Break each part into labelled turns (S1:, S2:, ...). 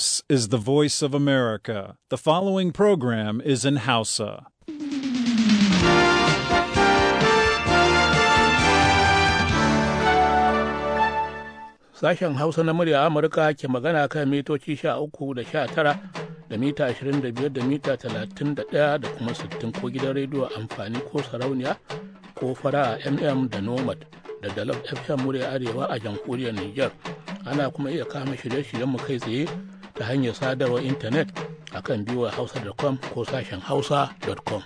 S1: This is the voice of America. The following program is in Hausa.
S2: Sashen Hausa na murya Amurka ke magana kan mitoci uku da sha tara da mita 25 da mita 31 da kuma 60 ko gidan rediyo amfani ko sarauniya ko fara MM da Nomad da Dalab FM murya Arewa a jamhuriyar Nijar. ana kuma iya kama shirye-shiryenmu kai tsaye ta hanyar sadarwar intanet a kan hausa.com ko sashen hausa.com.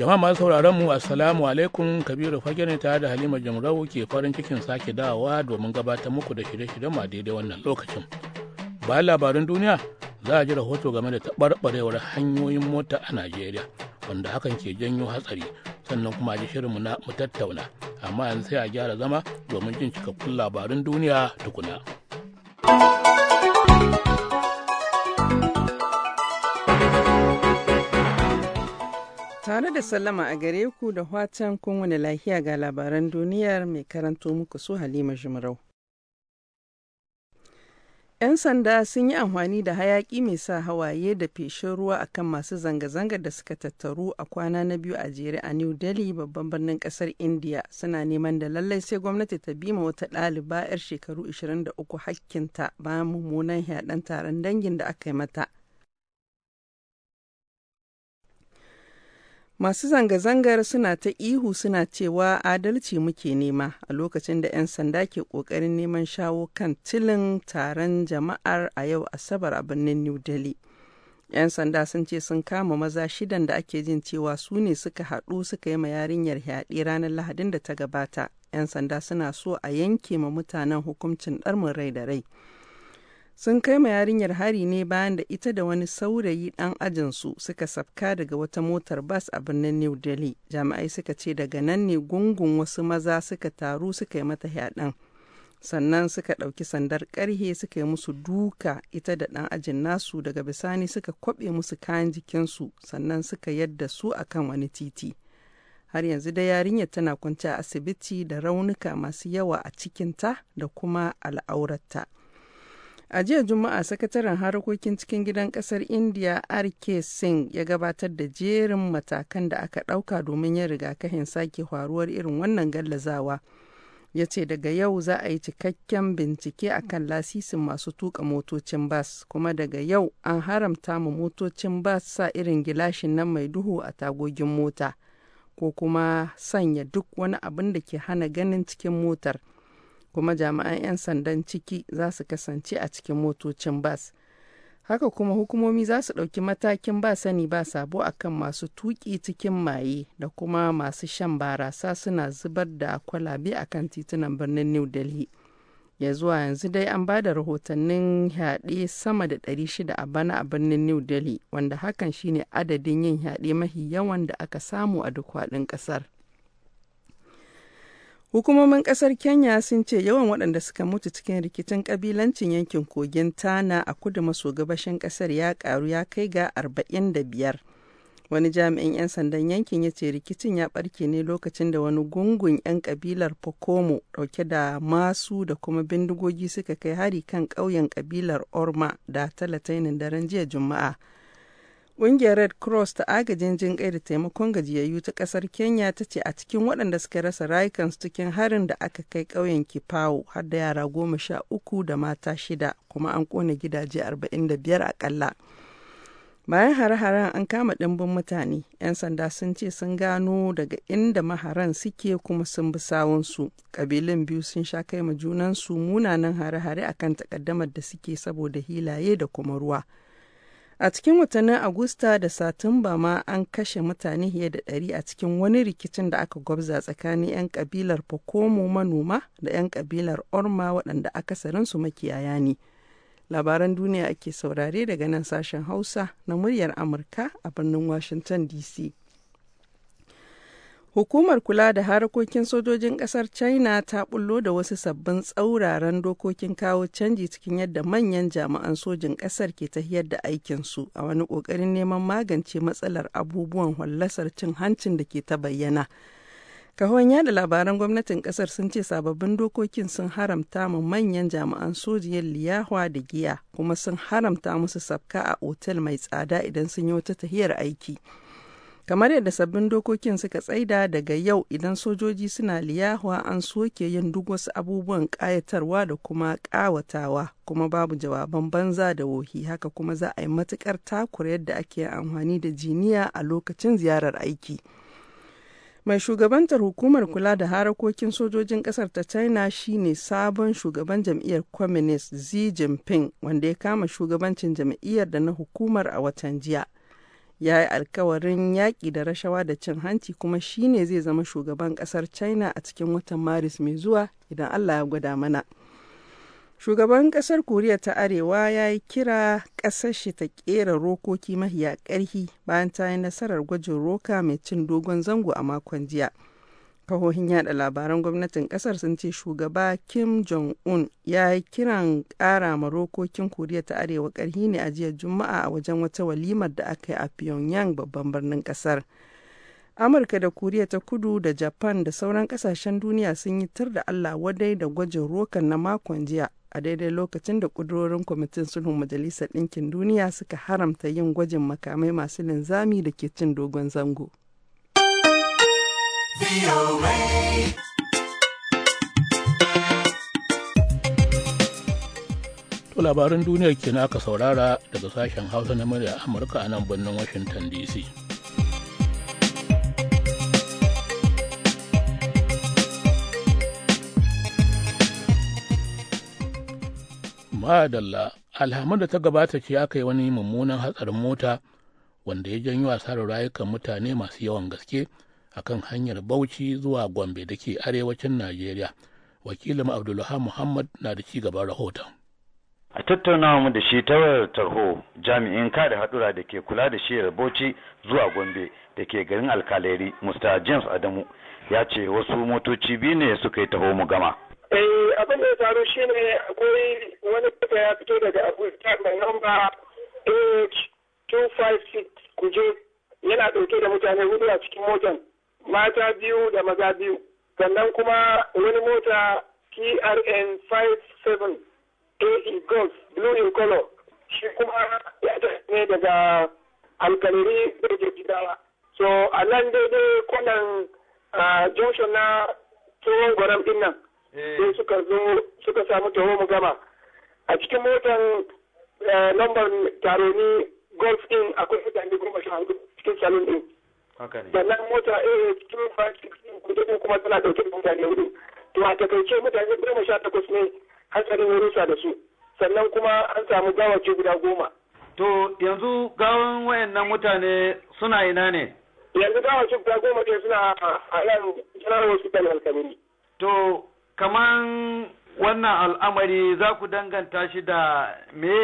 S2: jama'a masu sauraron mu assalamu alaikum kabiru fage ne tare da halima jamrawu ke farin cikin sake dawowa domin gabatar muku da shirye-shiryen ma daidai wannan lokacin bayan labarin duniya za a ji rahoto game da taɓarɓarewar hanyoyin mota a najeriya wanda hakan ke janyo hatsari sannan kuma a ji shirinmu na mu tattauna amma yanzu sai a gyara zama domin jin cikakkun labarin duniya tukuna.
S3: Tare da sallama a gare ku da watan kun wani lahiya ga labaran duniyar mai karanto muku su Halima Jimarau. 'Yan sanda sun yi amfani da hayaƙi mai sa hawaye da feshin ruwa akan masu zanga-zangar da suka tattaru a kwana na biyu a jere a New Delhi babban birnin kasar India suna neman da lallai sai gwamnati ta bima wata ɗaliba 'yar shekaru 23 hakkinta bayan mummunan yaɗan taron dangin da aka yi mata. Masu zanga-zangar suna ta ihu suna cewa adalci muke nema a lokacin da 'yan sanda ke ƙoƙarin neman shawo kan tilin taron jama'ar a yau Asabar a birnin New Delhi. 'Yan sanda sun ce sun kama maza shidan da ake jin cewa su ne suka haɗu suka yi ma yarinyar yaɗe ranar Lahadin da ta gabata. 'Yan sanda suna so a yanke ma mutanen hukuncin ɗarmin rai da rai. Sun kai ma yarinyar hari ne bayan da ita da wani saurayi ɗan ajinsu suka safka daga wata motar bas a birnin New Delhi. Jami'ai suka ce daga nan ne gungun wasu maza suka taru suka yi mata yaɗan. sannan suka ɗauki sandar ƙarhe suka yi musu duka ita da ɗan ajin nasu daga bisani suka kwaɓe musu kayan jikinsu sannan suka yadda su akan wani titi har yanzu da yarinyar tana kwanci a asibiti da raunuka masu yawa a cikinta da kuma al'aurarta A jiya Juma'a sakataren harkokin cikin gidan kasar India RK Singh ya gabatar da jerin matakan da aka ɗauka domin yin rigakafin sake faruwar irin wannan gallazawa. Ya ce daga yau za a yi cikakken bincike a kan lasisin masu tuka motocin bas, kuma daga yau an haramta ma motocin bas sa irin gilashin nan mai duhu a tagogin mota, ko kuma sanya duk wani abin da ke hana ganin cikin motar. kuma jami'an 'yan sandan ciki za su kasance a cikin motocin bas. haka kuma hukumomi za su ɗauki matakin ba sani ba sabo akan masu tuƙi cikin maye da kuma masu shan barasa suna zubar da kwalabe a kan titunan birnin new delhi ya zuwa yanzu dai an ba da rahotannin yaɗe sama da 600 a bana a birnin new delhi wanda hakan shine adadin yin yaɗe mahi yawan da aka samu a duk faɗin ƙasar. Hukumomin kasar Kenya sun ce yawan waɗanda suka mutu cikin rikicin kabilancin yankin kogin Tana a kudu maso gabashin kasar ya karu ya kai ga 45. Wani jami'in 'yan sandan yankin ya ce rikicin ya barke ne lokacin da wani gungun 'yan kabilar Pokomo dauke da masu da kuma bindigogi suka kai hari kan ƙauyen kabilar Orma da talatainin daren jiya Juma'a. Ƙungiyar Red Cross ta agajin jin kai da taimakon gajiyayyu ta ƙasar Kenya ta ce a cikin waɗanda suka rasa rayukansu cikin harin da aka kai ƙauyen Kipawo har da yara goma sha uku da mata shida kuma an ƙone gidaje arba'in da biyar aƙalla. Bayan hare-haren an kama ɗimbin mutane, 'yan sanda sun ce sun gano daga inda maharan suke kuma sun bi sawunsu. Ƙabilun biyu sun sha kai ma junansu munanan hare-hare akan takaddamar da suke saboda hilaye da kuma ruwa. A cikin watannin Agusta da Satumba ma an kashe mutane fiye da ɗari a cikin wani rikicin da aka gwabza tsakanin 'yan kabilar pokomo manoma da 'yan kabilar Orma waɗanda su makiyaya ne. Labaran duniya ake saurare daga nan sashen Hausa na muryar Amurka a birnin Washington DC. Hukumar kula da harakokin sojojin ƙasar China ta bullo da wasu sabbin tsauraran dokokin kawo canji cikin yadda manyan jami'an sojin ƙasar ke tahiyar da aikinsu a wani ƙoƙarin neman magance matsalar abubuwan hallasar cin hancin da ke ta bayyana. Kahon da labaran gwamnatin ƙasar sun ce sababbin dokokin sun haramta mu manyan jami'an sojiyar liyawa da giya kuma sun haramta musu sabka a otal mai tsada idan sun yi wata tahiyar aiki. kamar yadda sabbin dokokin suka tsaida daga yau idan sojoji suna liyawa an soke yin duk wasu abubuwan ƙayatarwa da kuma ƙawatawa kuma babu jawaban banza da wohi haka kuma za a yi matukar takura yadda ake amfani da jiniya a lokacin ziyarar aiki mai shugabantar hukumar kula da harakokin sojojin kasar ta china shine sabon shugaban jam'iyyar communist xi jinping wanda ya kama shugabancin jam'iyyar da na hukumar a watan jiya ya yi alkawarin yaƙi da rashawa da cin hanci kuma shi ne zai zama shugaban ƙasar china a cikin watan maris mai zuwa idan allah ya gwada mana shugaban ƙasar koriya ta arewa ya yi kira ƙasar shi ta ƙera rokoki mahiya ƙarfi bayan ta yi nasarar gwajin roka mai cin dogon zango a makon jiya kahohin yada labaran gwamnatin kasar sun ce shugaba kim jong-un ya yi kiran kara marokokin koriya ta arewa karhi ne a jiya juma'a a wajen wata walimar da aka yi a pyongyang babban birnin kasar amurka da koriya ta kudu da japan da sauran kasashen duniya sun yi tar da allah wadai da gwajin rokan na makon jiya a daidai lokacin da kudurorin kwamitin sulhun majalisar ɗinkin duniya suka haramta yin gwajin makamai masu linzami da ke cin dogon zango
S2: To labaran duniyar kenan aka saurara daga sashen Hausa na murya Amurka a nan birnin Washington DC. Madalla, alhamar da ta gabata ce aka yi wani mummunan hatsarin mota wanda ya janyo asarar rayukan mutane masu yawan gaske. akan hanyar bauchi zuwa gombe da ke arewacin najeriya wakilin abdulluha muhammad na da ci gaban rahoton a tattaunawa
S4: mu da shi ta wayar tarho jami'in kada hadura da ke kula da shiyar bauchi zuwa gombe da ke garin alkaleri mr james adamu ya ce wasu motoci biyu ne suka yi taho mu gama
S5: eh abin da ya faru shine akwai wani fita ya fito daga abuja mai namba 256 kuje yana dauke da mutane hudu a cikin motan mata biyu da maza biyu sannan kuma wani mota TRN 57 AE gold Blue in color shi kuma ya ne daga alkaliri da ke gidawa. So a nan daidai kwanan junction na tsohon gwaram din nan eh. sai suka zo suka samu taho mu gama. A cikin motan eh, lambar taroni golf din akwai mutane goma sha hudu cikin salon din. sannan mota a cikin kudin kuma tana dauke da mutane hudu to a takaice mutane goma sha takwas ne hatsarin ya rusa da su sannan kuma an samu gawace guda goma
S4: to yanzu gawan wayannan mutane suna ina ne
S5: yanzu gawace guda goma ne suna a yan general hospital alkabiri to
S4: kaman wannan al'amari za ku danganta shi da me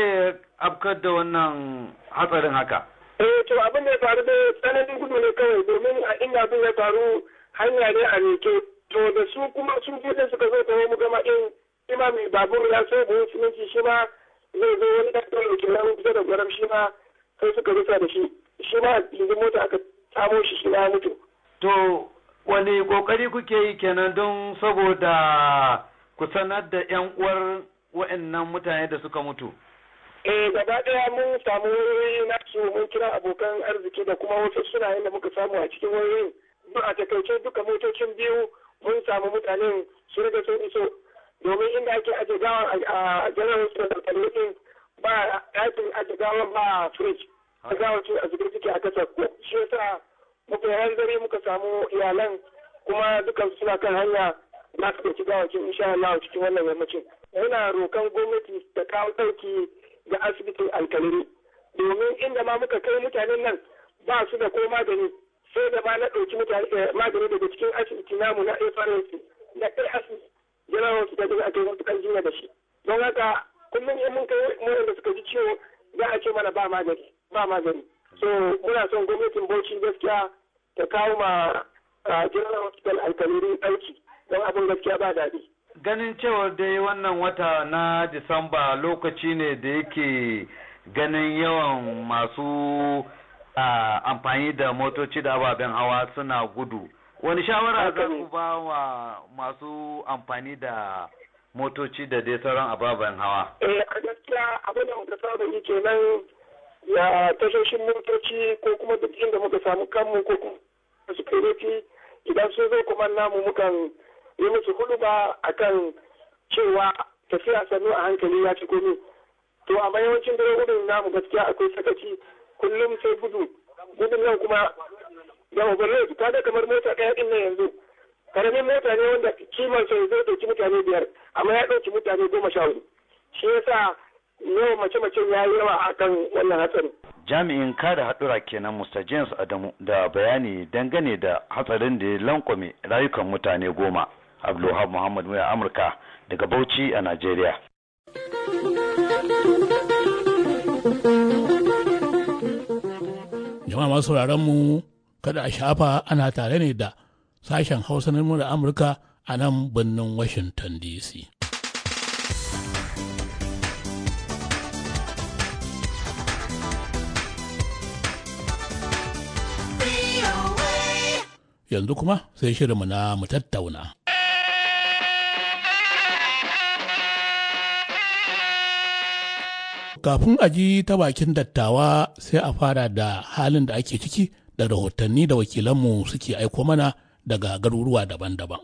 S4: afkar da wannan hatsarin haka
S5: eh to abin da ya faru da tsananin gudu ne kawai domin a inda abin ya faru hanya ne a rike to da su kuma sun fi da suka zo ta mu gama ima mai babur ya so buhun siminti shi ma zai zo wani ɗan ɗan ke nan kusa da gwaram shi ma sai suka rusa da shi shi ma yanzu mota aka samo shi shi ma mutu.
S4: to wani kokari kuke yi kenan don saboda ku sanar da 'yan uwar wa'annan mutane da suka mutu.
S5: eh gaba daya mun samu wayoyi na su mun kira abokan arziki da kuma wasu suna da muka samu a cikin wayoyin a takaice duka motocin biyu mun samu mutanen su riga sun iso domin inda ake aje gawan a general hospital ba ɗakin aje gawan ba fridge ah. gawa ce a zubar suke a kasa shi yasa muka yi hanzari muka samu iyalan kuma dukan suna kan hanya za su ɗauki gawakin insha Allah cikin wannan yammacin Muna rokan gwamnati da kawo ɗauki da asibitin alkalari domin inda ma muka kai mutanen nan ba su da ko magani sai da ba na ɗauki eh, magani daga cikin asibiti namu na FRS na kai asibiti yana wasu da daga ake matukan jina da shi don haka kullum in mun kai murin da suka ji ciwo za a ce mana ba magani ba magani so muna son gwamnatin bauchi gaskiya ta kawo ma ah, general hospital alkaliri aiki don abin gaskiya ba daɗi.
S4: ganin cewar dai wannan wata na disamba lokaci ne da yake ganin yawan masu amfani da motoci da ababen hawa suna gudu wani shawara za ku ba wa masu amfani da motoci da dai sauran ababen hawa eh,
S5: a gaskiya abin da ya tashoshin motoci ko kuma duk inda muka samu kanmu ko kuma su idan sun zo kuma namu mukan yi musu hudu ba a kan cewa tafiya sannu a hankali ya ci komi to amma yawancin gudun namu gaskiya akwai sakaci kullum sai gudu gudun nan kuma da overload ta da kamar mota ɗaya din na yanzu karamin mota ne wanda kiman sai zai ɗauki mutane biyar amma ya ɗauki mutane goma sha hudu shi yasa yawan mace-macen ya yi yawa akan wannan hatsari.
S4: jami'in kare haɗura kenan Mr. James Adamu da bayani dangane da hatsarin da ya lankwame rayukan mutane goma. abdulwahab muhammad mai amurka daga bauchi a najeriya
S2: jama'a masu sauraron mu kada a shafa ana tare ne da sashen hausa na da amurka a nan birnin washington dc yanzu kuma sai shirin mu na mu tattauna kafin a ji ta bakin dattawa sai a fara da halin da ake ciki da rahotanni da wakilanmu suke aiko mana daga garuruwa daban-daban.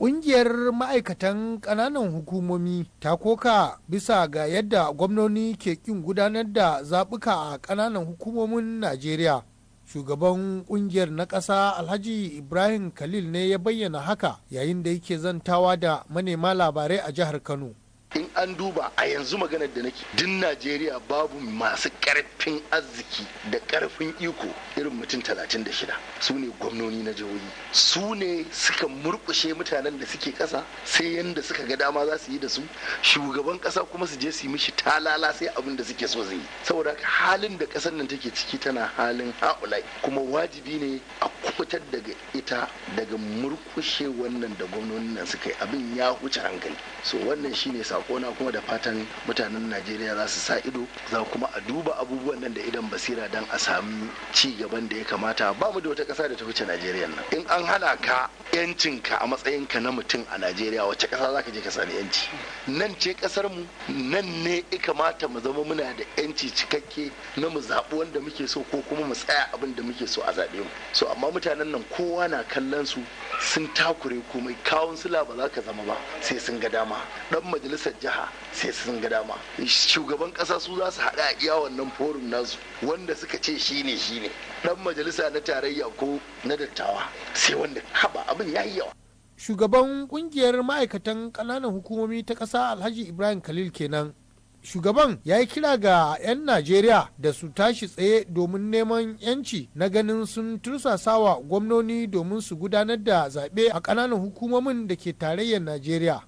S2: Ƙungiyar
S6: ma'aikatan ƙananan hukumomi ta koka bisa ga yadda gwamnoni ke ƙin gudanar da zaɓuka a ƙananan hukumomin Najeriya. Shugaban ƙungiyar na ƙasa Alhaji Ibrahim Khalil ne ya bayyana haka yayin da yake zantawa da manema labarai a jihar Kano. in an duba a yanzu maganar da nake din najeriya babu masu karfin arziki da karfin iko irin mutum 36 su ne gwamnoni na jihohi su ne suka murkushe mutanen da suke kasa sai yadda suka ga dama za su yi da su shugaban kasa kuma su je su yi mishi talala sai abin da suke so zai yi saboda halin da kasar nan take ciki tana halin haulai kuma wajibi ne a kubutar daga ita daga murkushe wannan da gwamnoni nan suka yi abin ya huce hankali so wannan shine sabon sakona kuma da fatan mutanen najeriya za su sa ido za kuma a duba abubuwan nan da idan basira dan a sami ci gaban da ya kamata ba mu da wata ƙasa da ta wuce najeriya nan in an hana ka yancinka a matsayinka na mutum a najeriya wacce ƙasa za ka je ka sami yanci nan ce ƙasar mu nan ne ya kamata mu zama muna da yanci cikakke na mu zaɓi wanda muke so ko kuma mu tsaya abin da muke so a zaɓe mu so amma mutanen nan kowa na kallon su sun takure komai kawun sula ba za ka zama ba sai sun ga dama dan majalisar jiha sai sun ga dama shugaban kasa su za su haɗa a iya wannan forum nasu wanda suka ce shine shine dan majalisa na tarayya ko na dattawa sai wanda haba abin ya yi yawa shugaban kungiyar ma'aikatan ƙananan hukumomi ta ƙasa alhaji ibrahim khalil kenan shugaban ya yi kira ga 'yan najeriya da su tashi tsaye domin neman 'yanci na ganin sun tursasawa gwamnoni domin su gudanar da zaɓe a ƙananan hukumomin da ke tarayyar najeriya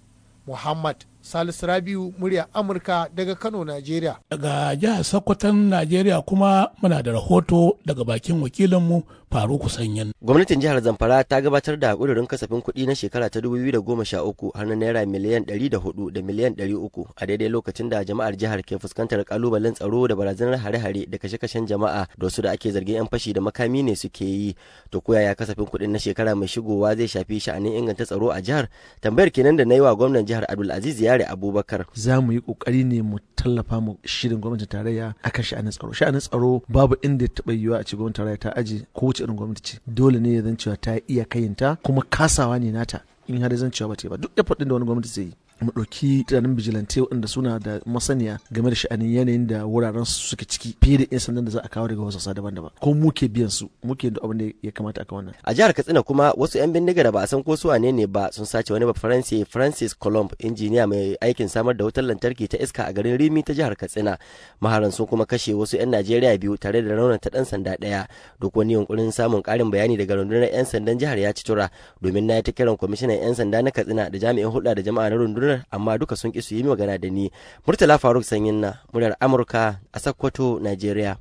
S6: muhammad salisu rabiu murya amurka daga kano najeriya
S2: daga jihar sokoton najeriya kuma muna da rahoto daga bakin wakilinmu faruku sanyin.
S7: Gwamnatin jihar Zamfara ta gabatar da ƙudurin kasafin kuɗi na shekara ta 2013 har na naira miliyan 104 da miliyan 300 a daidai lokacin da jama'ar jihar ke fuskantar kalubalen tsaro da barazanar hare-hare da kashe-kashen jama'a da su da ake zargin 'yan fashi da makami ne suke yi. To ko yaya kasafin kuɗin na shekara mai shigowa zai shafi sha'anin inganta tsaro a jihar? Tambayar kenan da na yi wa gwamnan jihar Abdulaziz Yare Abubakar.
S8: Za mu yi ƙoƙari ne mu tallafa mu shirin gwamnatin tarayya akan sha'anin tsaro. Sha'anin tsaro babu inda ya taɓa a ci gwamnatin tarayya ta aji ko wuce irin gwamnati ce dole ne ya zan cewa ta iya kayinta kuma kasawa ne nata in har zan cewa ba ta ba duk effort din da wani gwamnati zai yi mu ɗauki tunanin bijilante waɗanda suna da masaniya game da sha'anin yanayin da wuraren su suke ciki fiye da 'yan sandan da za a kawo daga wasu daban-daban ko muke biyan su muke da abin da ya kamata a wannan.
S7: a jihar katsina kuma wasu 'yan bindiga da ba a san ko su wane ne ba sun sace wani ba faransi francis colomb injiniya mai aikin samar da wutar lantarki ta iska a garin rimi ta jihar katsina maharan sun kuma kashe wasu 'yan najeriya biyu tare da ta dan sanda ɗaya duk wani yunkurin samun ƙarin bayani daga rundunar 'yan sandan jihar ya ci tura domin na yi ta kiran kwamishinan 'yan sanda na katsina da jami'in hulɗa da jama'a na rundunar amma duka sun ƙi su yi magana da ni murtala faruk sanyin na muryar
S9: amurka a sakkwato najeriya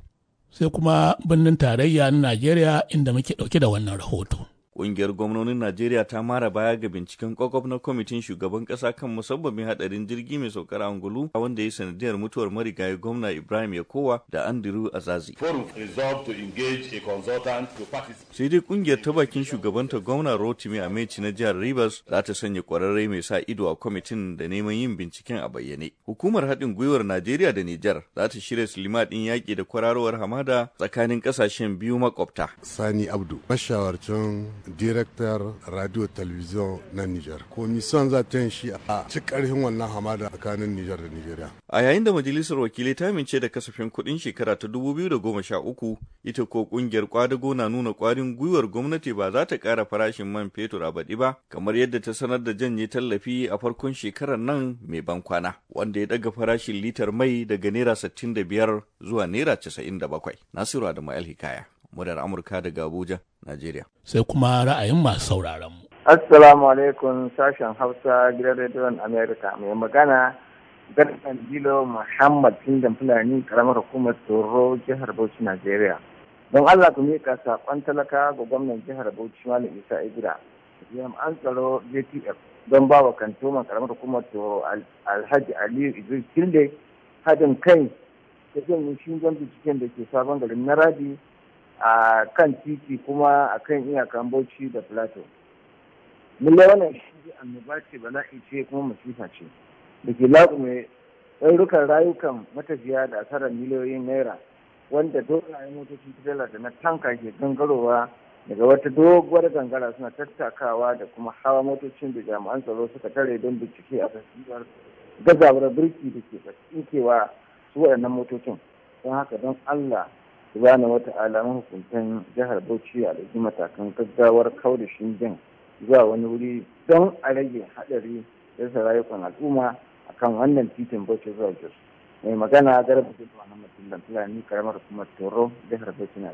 S2: sai kuma birnin tarayya na najeriya inda muke ɗauke da wannan rahoto
S9: Ƙungiyar gwamnonin Najeriya ta mara baya ga binciken ƙwaƙwaf na kwamitin shugaban ƙasa kan musabbabin hadarin jirgi mai saukar angulu wanda ya sanadiyar mutuwar marigayi gwamna Ibrahim Yakowa da Andrew Azazi. Sai dai ƙungiyar ta bakin shugabanta gwamna Rotimi Amechi na jihar Rivers za ta sanya ƙwararre mai sa ido a kwamitin da neman yin binciken a bayyane. Hukumar haɗin gwiwar Najeriya da Nijar za ta shirya silima ɗin yaƙi da kwararowar hamada tsakanin ƙasashen biyu makwabta. Sani
S6: Abdu, mashawarcin direktar radio television na Nijar. Komison za ta shi a ci karhin wannan hamada tsakanin Nijar da Nijeriya.
S9: A yayin da majalisar wakilai ta amince da kasafin kuɗin shekara ta 2013 ita ko ƙungiyar kwadago na nuna kwarin gwiwar gwamnati ba za ta ƙara farashin man fetur a baɗi ba kamar yadda ta sanar da janye tallafi a farkon shekarar nan mai ban kwana wanda ya daga farashin litar mai daga naira 65 zuwa naira 97. Nasiru Adamu Alhikaya. muryar Amurka daga Abuja, Najeriya.
S2: Sai kuma ra'ayin masu
S9: sauraron mu.
S10: Assalamu alaikum sashen Hausa gidan rediyon Amerika mai magana Garkan Dilo Muhammad Kingdom Fulani karamar hukumar Tsoro jihar Bauchi Najeriya. Don Allah ku mika sakon talaka ga gwamnan jihar Bauchi Malam Isa Yam an tsaro JTF don ba wa man karamar hukumar Tsoro Alhaji Aliyu Idris Kilde haɗin kai ta jin shingon binciken da ke sabon garin Naradi a kan titi kuma a kan iyakan bauchi da plateau lallai wannan shi annoba ce ba bala'i ce kuma masifa ce da ke laƙume ɗaurukan rayukan matafiya da asarar miliyoyin naira wanda dogayen motoci dala da na tanka ke gangarowa
S7: daga wata doguwar
S10: gangara suna tattakawa da kuma hawa motocin da jami'an tsaro suka tare don bincike a tasirar gazawar birki da ke tsinkewa su waɗannan motocin don haka don allah wata wata'ala mahukuntan jihar Bauchi a ɗauki matakan gaggawar kauda shingen zuwa wani wuri don a rage haɗari rasa rayukan al'umma akan wannan titin Bauchi zuwa Jos. Mai magana garba da mutum da Fulani karamar kuma Toro jihar Bauchi na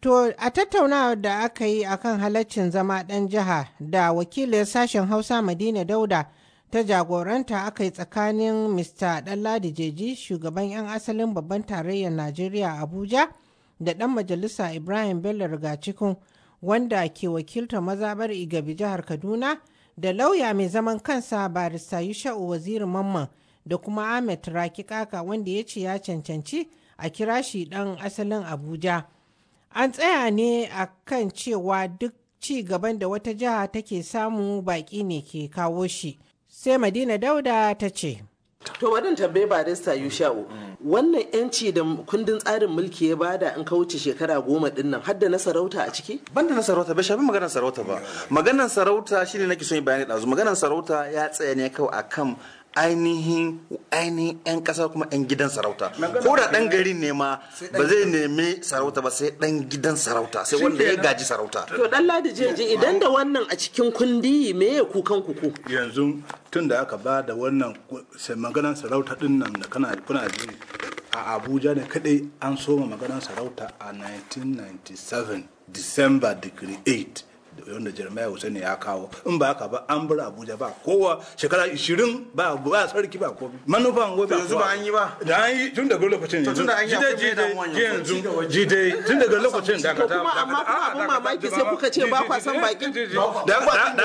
S3: To a tattaunawar da aka yi akan halaccin zama ɗan jiha da wakilin sashen Hausa Madina Dauda ta jagoranta aka yi tsakanin Mr. Ɗanladi Jeji shugaban 'yan asalin babban tarayyar Najeriya Abuja da ɗan majalisa Ibrahim Bello Riga Rigacikun wanda ke wakilta mazabar Igabi jihar Kaduna da lauya mai zaman kansa barista Yusha'u Wazirin Mamman da kuma Ahmed Raki Kaka wanda ya ce ya cancanci a kira shi ɗan asalin Abuja. An tsaya ne a kan cewa duk ci gaban da wata jiha take samu baƙi ne ke kawo shi. sai madina dauda ta ce
S8: to wadan tambaye barista yusha'u wannan yanci da kundin tsarin
S11: mulki ya bada in ka wuce shekara goma din nan hadda na sarauta a ciki ban da na sarauta bai shafi maganar sarauta ba maganar sarauta shine nake son yi bayani dazu maganar sarauta ya tsaya ne kawai akan ainihin ainihin 'yan kasa kuma 'yan gidan sarauta ko da dan gari ne ma ba zai nemi sarauta ba sai dan gidan sarauta sai wanda ya gaji sarauta to
S8: dan ladi idan da
S1: wannan a cikin kundi me ya kukan kuku yanzu tun da aka ba da wannan sai maganar sarauta din nan da kana kuna ji a abuja ne kadai an soma maganar sarauta a 1997 december degree wanda Jeremiah ne ya kawo in ba ka ba an bura Abuja ba kowa shekara 20 ba ba sarki ba ko manufan wai ba yanzu ba an yi ba da an yi tun daga lokacin yanzu jide jide yanzu jide tun daga lokacin da ka ta kuma
S8: amma ah, abun mamaki sai kuka ce ba kwa san baki da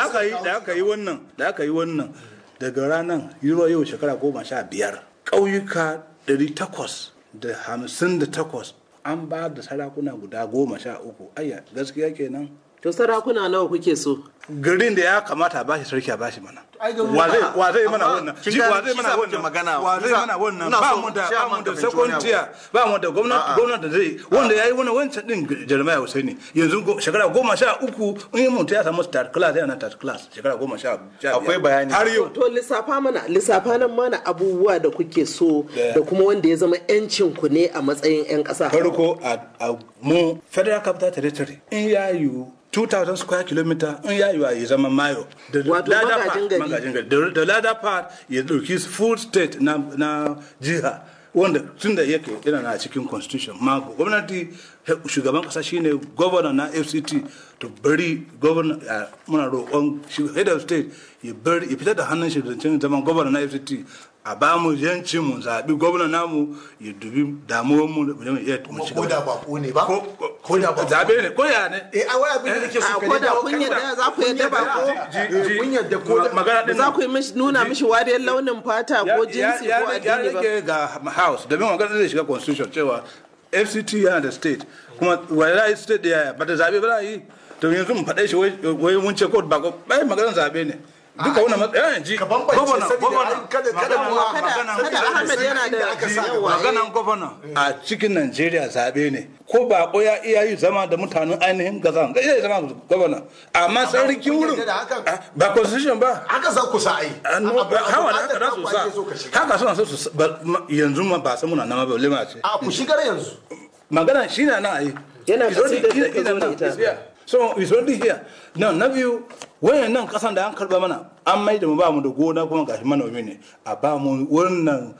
S1: aka yi da aka yi wannan da aka yi wannan daga ranar euro yau shekara goma sha biyar ƙauyuka 858 an ba da sarakuna guda goma sha uku ayya gaskiya kenan to sarakuna nawa kuke so garin da ya kamata a bashi sarki a bashi mana wa zai mana wannan ji wa zai mana wannan wa zai mana wannan ba mu da ba mu da sekondiya ba mu da gwamnati gwamnati da zai wanda yayi wannan wancan din Jeremiah Hussaini yanzu shekara goma sha uku in mun ta samu start class yana third class shekara goma sha akwai bayani har yau
S8: to lissafa mana lissafa nan mana abubuwa da kuke so da kuma wanda ya zama yancin ku ne a matsayin yan kasa
S1: farko a mu federal capital territory in ya yiwu 2000 square kilometer in yayuwa is um, a mayo The latter part is his full state now, na jiha wanda tun da yake yana na cikin constitution ma gwamnati shugaban kasa shine governor na fct to bari governor muna roƙon head of state ya bari ya fitar da hannun shi zancen zaman governor na fct a ba mu yanci mu zaɓi gwamna namu ya dubi damuwar mu da mu iya mu ci Ko da bako ne ba? ko da ba zabe ne ko ya ne eh awai abin da nake so eh, ka ko da kun
S8: yadda za ku yadda ba ko kun yadda ko magana din za ku yi mishi nuna mishi wariyar launin fata
S1: ko jinsi ko addini ba ya ga house domin magana zai shiga constitution cewa FCT yana da state kuma wallahi state da yaya ba da zabe ba yi to yanzu mu faɗe shi wai mun ce ko ba ko bai maganar zabe ne duka wannan matsayin eh, ji gwamna gwamna kada kada kada Ahmed yana da maganan gwamna eh. a cikin Najeriya zabe ne ko ba ko ya iya yi zama da mutanen ainihin gaza ga iya zama gwamna amma sarki wurin ah, ba constitution ba
S11: haka za ku sa ai
S1: hawa ah, da haka su sa haka suna so su yanzu ma ba san muna nama ba lema ce a ku shigar yanzu magana shi na na ai yana da da ita so it's already here now na biyu wayan nan kasan da an karba mana an mai da mu ba mu da gona kuma gashi manomi ne a ba mu wannan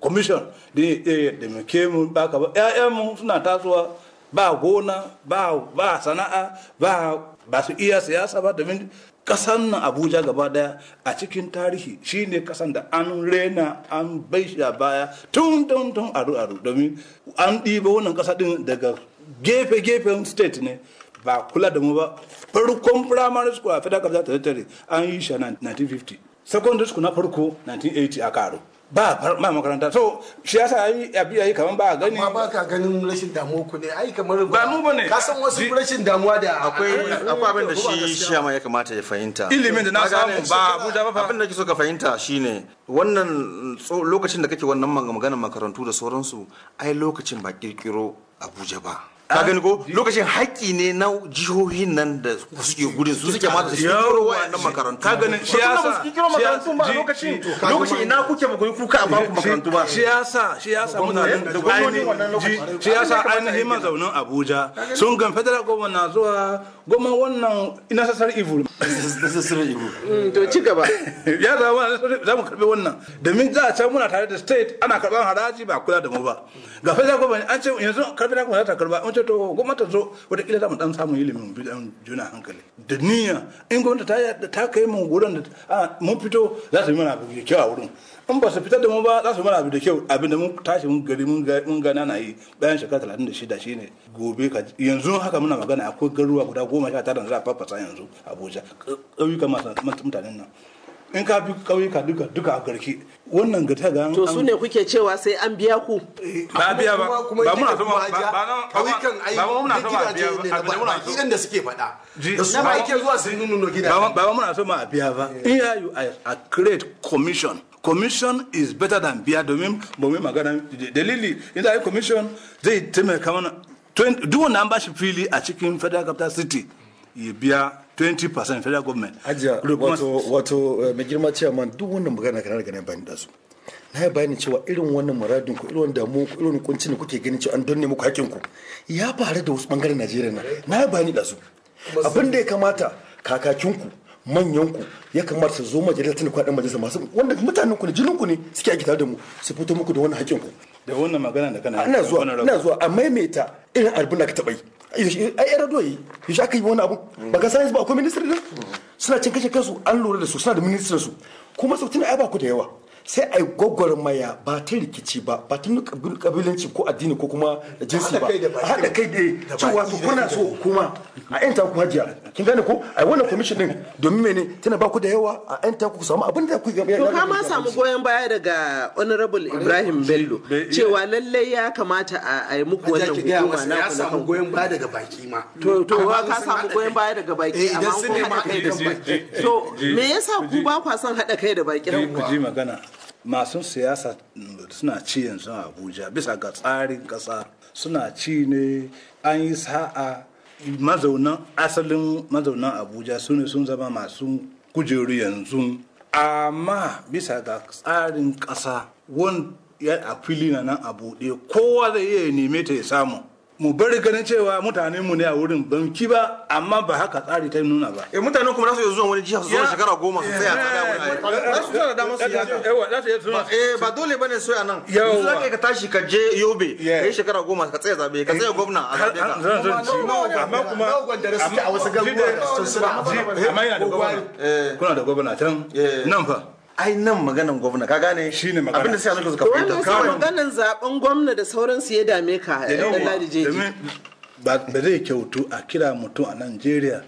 S1: commission da ya ke mu ba ka ba ƴaƴanmu suna tasowa ba gona ba ba sana'a ba ba su iya siyasa ba domin kasan nan abuja gaba daya a cikin tarihi shine kasan da an rena an bai a baya tun tun tun aru aru domin an ɗiba wannan kasa din daga gefe-gefen state ne ba kula da mu ba farkon primary school a federal capital territory an yi shi 1950 secondary school na farko 1980 a karo ba ma makaranta so shi yasa yi abi yayi kaman ba gani ba ka
S6: ganin rashin damuwa ku ne ai kamar ba mu bane ka san wasu rashin damuwa da akwai akwai abin
S11: da shi shi ma ya kamata ya fahimta ilimin da na samu ba da ba abin da kike so ka fahimta shine wannan lokacin da kake wannan magana makarantu da sauransu ai lokacin ba kirkiro Abuja ba ka gani ko lokacin haƙƙi ne na jihohin nan da suke gudun su suke mata su kiro wayannan makarantu ka gani shi yasa su kiro makarantu ba lokacin lokacin ina kuke ba ku kuka a baku makarantu ba shi yasa shi yasa muna da gwamnati wannan lokacin
S1: shi yasa ainihin mazaunin Abuja sun gan federal government na zuwa goma wannan ina sasar evil sasar evil mm, to ci gaba ya zama za mu karbe wannan domin za a can muna tare da state ana karban haraji ba kula da mu ba ga federal government an ce yanzu karbe da kuma za ta karba to gwamnati zo wataƙila za mu dan samu ilimin bidan juna hankali da niyya in gwamnati ta ta kai mu gurin da mun fito za su yi mana abu da kyau a wurin in ba su fitar da mu ba za su yi mana abu da kyau abin da mun tashi mun gari mun gana na yi bayan shekara talatin da shida ne gobe ka yanzu haka muna magana akwai garuruwa guda goma sha tara da za a fafasa yanzu abuja ƙauyuka masu mutanen nan in ka bi kauyuka duka duka a garki wannan ga ta to su ne
S8: kuke cewa sai an biya ku ba biya ba ba muna so ba ba kauyukan ai ba muna so ba ba muna so idan da suke da
S1: su ba yake zuwa su nuno gida ba muna so ma biya ba in eh. ya you a create commission commission is better than biya domin ba magana dalili inda ai commission zai taimaka mana duk ba shi fili a cikin federal capital city ya biya 20% federal government ajiya wato
S11: wato eh, mai girma chairman duk wannan magana kana daga nan bani da su na yi bayani cewa irin wannan muradin ku irin damu ku irin kuncin da kuke ganin cewa an donne muku hakkin ku ya faru da wasu bangaren Najeriya na na yi bayani da su abin da ya kamata kakakinku manyanku ya kamata su zo majalisar tana kwaɗin majalisar masu wanda mutanen ku ne jinin ku ne suke a gitar da mu su fito muku da wannan hakkin ku da wannan magana da kana ina zuwa ina zuwa a maimaita irin abin da ka taɓa yi ai yar doyi yaushe aka yi wani abu ba ga science ba akwai ministry din suna cin kashe kansu an lura da su suna da ministry su kuma sautin ai ba ku da yawa sai a yi maya ba ta rikici ba ba ta kabilanci ko addini ko kuma jinsi ba a haɗa kai da cewa su kuna so kuma a yan ku hajiya kin gane ko a yi wannan commission din domin mene tana ba ku da yawa a yan ku samu abin da ku ga to ka ma samu
S8: goyon baya daga honorable Ibrahim Bello cewa lalle ya kamata a yi muku wannan hukuma na samu goyon baya daga baki ma to to ka samu goyon baya daga baki eh, amma ku kai da baki to me yasa ku ba kwa son haɗa kai da baki ku ji
S1: magana masu siyasa mm, suna ci yanzu a abuja bisa ga tsarin kasa suna ci ne an yi sa'a mazaunan asalin mazaunan abuja su ne sun zama masu kujeru yanzu amma bisa ga tsarin kasa wani a fili na nan a buɗe kowa zai iya neme ta ya samu mu bari ganin cewa mutanen mu ne a wurin ban ki ba amma ba haka tsari ta
S11: nuna ba eh mutanen kuma za su iya zuwa wani jiha su zuwa shekara goma su tsaya a eh, tsaya eh, za su tsara da masu yaka eh wa su eh ba dole bane soya nan yanzu za ka tashi ka je yobe kai shekara goma ka tsaya zabe ka tsaya eh, gwamna a zabe ka amma kuma
S1: amma yana da gwamna kuna da gwamna can nan fa ai nan maganan gwamna ka gane Shi ne magana abinda sai zaka zuka fahimta ka
S8: maganan zaben gwamna da sauransu ya dame ka a eh, ladi jeji
S1: ba zai kyautu a kira mutum a Najeriya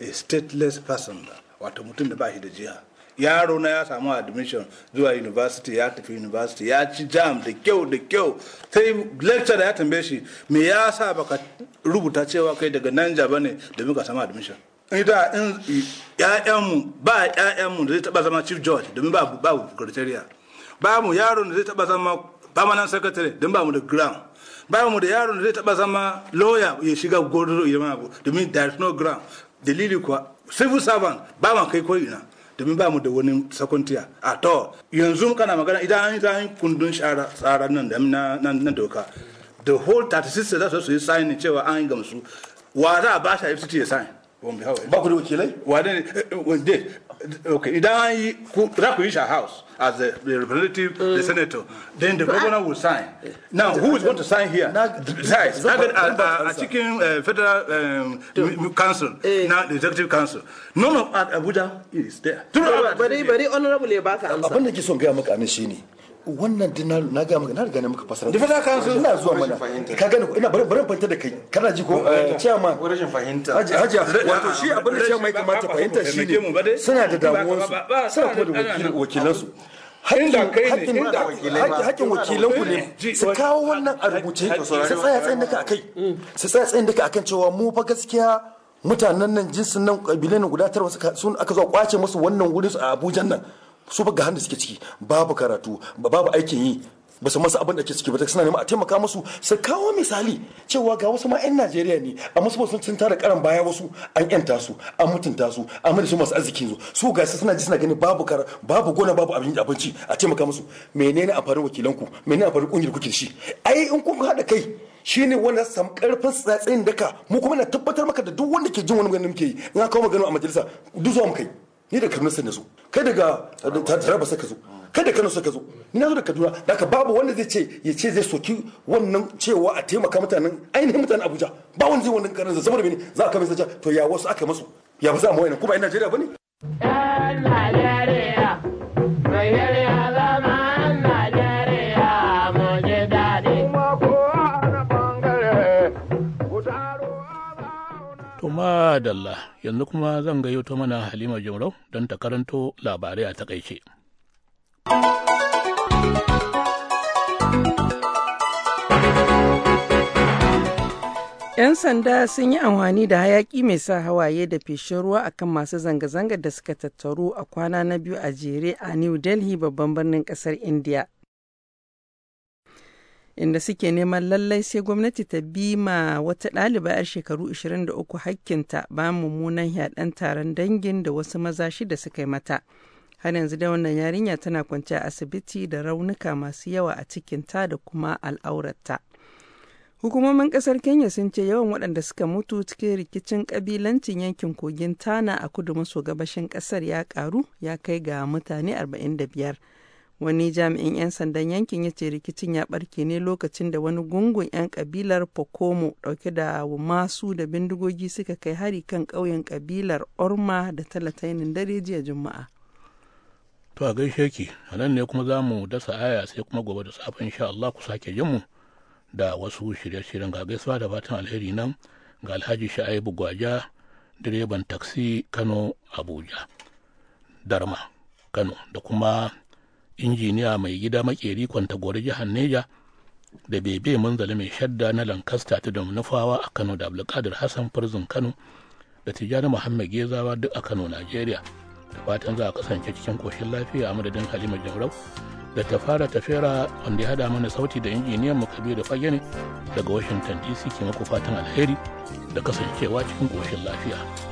S1: a stateless person ba wato mutum da ba shi da jiha yaro na ya samu admission zuwa university ya tafi university ya ci jam da kyau da kyau sai lecturer ya tambaye shi me ya sa baka rubuta cewa kai daga ba ne da muka samu admission ida in ƴaƴanmu ba ƴaƴanmu da zai taba zama chief judge domin ba mu criteria ba mu yaron da zai taba zama permanent secretary domin ba mu da ground ba mu da yaron da zai taba zama lawyer ya shiga gordon ya abu domin there is no ground dalili kuwa civil servant ba ma kai koyi na domin ba mu da wani sakuntiya a to yanzu kana magana idan an yi kundin tsara nan na doka the whole 36 da su yi signing cewa an gamsu wa za a ba shi a fct ya sign won bi ba ku da wakilai okay idan yi za ku yi shi a house as the, the representative mm. the senator then the governor will sign now who is going to sign here decides a cikin federal um, council eh. now the executive council none of abuja is there bari bari honorable but, baka amsa abin da
S11: ke son gaya maka wannan dina na gama na gane muka na da fasara kan su ina zuwa mana ka gane ina bari bari fahimta da kai kana ji ko eh, ciyama rashin fahimta haji haji wato shi abin da ciyama kamata fahimta shine suna da damuwa su suna kuma da wakilan su hakkin wakilan ku ne su kawo wannan a rubuce su tsaya tsayin daka akai mm. su tsaya tsayin daka akan cewa mu fa gaskiya mutanen nan jinsin nan kabilan guda tarwa sun aka zo kwace musu wannan wurin su a Abuja nan su ba ga hannu suke ciki babu karatu babu aikin yi ba su masa abin da ke ciki ba suna neman a taimaka musu su kawo misali cewa ga wasu ma 'yan najeriya ne a musu ba sun tara karan baya wasu an yanta su an mutunta su an mutu su masu arzikin su su ga su suna ji suna gani babu kar babu gona babu abinci a taimaka musu menene amfanin wakilanku menene amfanin kungiyar kuke shi ai in kun haɗa kai shine wannan sam karfin tsatsayin daka mu kuma na tabbatar maka da duk wanda ke jin wani ganin muke yi in aka kawo magana a majalisa duk zuwa mu kai ni da Kaduna sai na zo kai daga Taraba sai ka zo kai da Kano sai ka zo ni na zo da Kaduna da ka babu wanda zai ce ya ce zai soki wannan cewa a taimaka mutanen ainihin mutanen Abuja ba wanda zai wannan karin saboda mini za ka kama sace to ya wasu aka masu ya ba za mu wani kuma ba ina Najeriya ba.
S2: To madalla yanzu kuma zan gayyato mana Halima Jumrau don ta karanto labarai a takaice.
S3: ‘Yan sanda sun yi amfani da hayaƙi mai sa hawaye da feshin ruwa akan masu zanga-zangar da suka tattaru a kwana na biyu a jere a New Delhi babban birnin ƙasar India inda suke neman lallai sai gwamnati ta bi ma wata ɗaliba 'yar shekaru 23 hakkinta ba mummunan yaɗan taron dangin da wasu maza shida suka yi mata. Har yanzu da wannan yarinya tana kwance a asibiti da raunuka masu yawa a cikinta da kuma al'aurarta. Hukumomin ƙasar Kenya sun ce yawan waɗanda suka mutu cikin rikicin ƙabilancin yankin kogin Tana a kudu maso gabashin ƙasar ya ƙaru ya kai ga mutane 45. wani jami'in 'yan sandan yankin ya ce rikicin ya barke ne lokacin da wani gungun 'yan kabilar pokomo dauke da masu da bindigogi suka kai hari kan ƙauyen kabilar orma da talatainin dare jiya juma'a
S2: to a gaishe ki a nan ne kuma za mu dasa aya sai kuma gobe da safe insha Allah ku sake jin mu da wasu shirye-shiryen ga gaisuwa da fatan alheri nan ga Alhaji Sha'ibu Gwaja direban taksi Kano Abuja Darma Kano da kuma injiniya mai gida makeri kwanta kwantagori jihar neja da bebe munzali mai shadda na lancaster ta nufawa a kano da abdulkadir hassan farzin kano da tijjani muhammad gezawa duk a kano najeriya da fatan za a kasance cikin koshin lafiya a madadin halima jaurau da ta fara tafera wanda ya hada mana sauti da injiniyan mu kabiru fage ne daga washington dc ke maku fatan alheri da kasancewa cikin koshin lafiya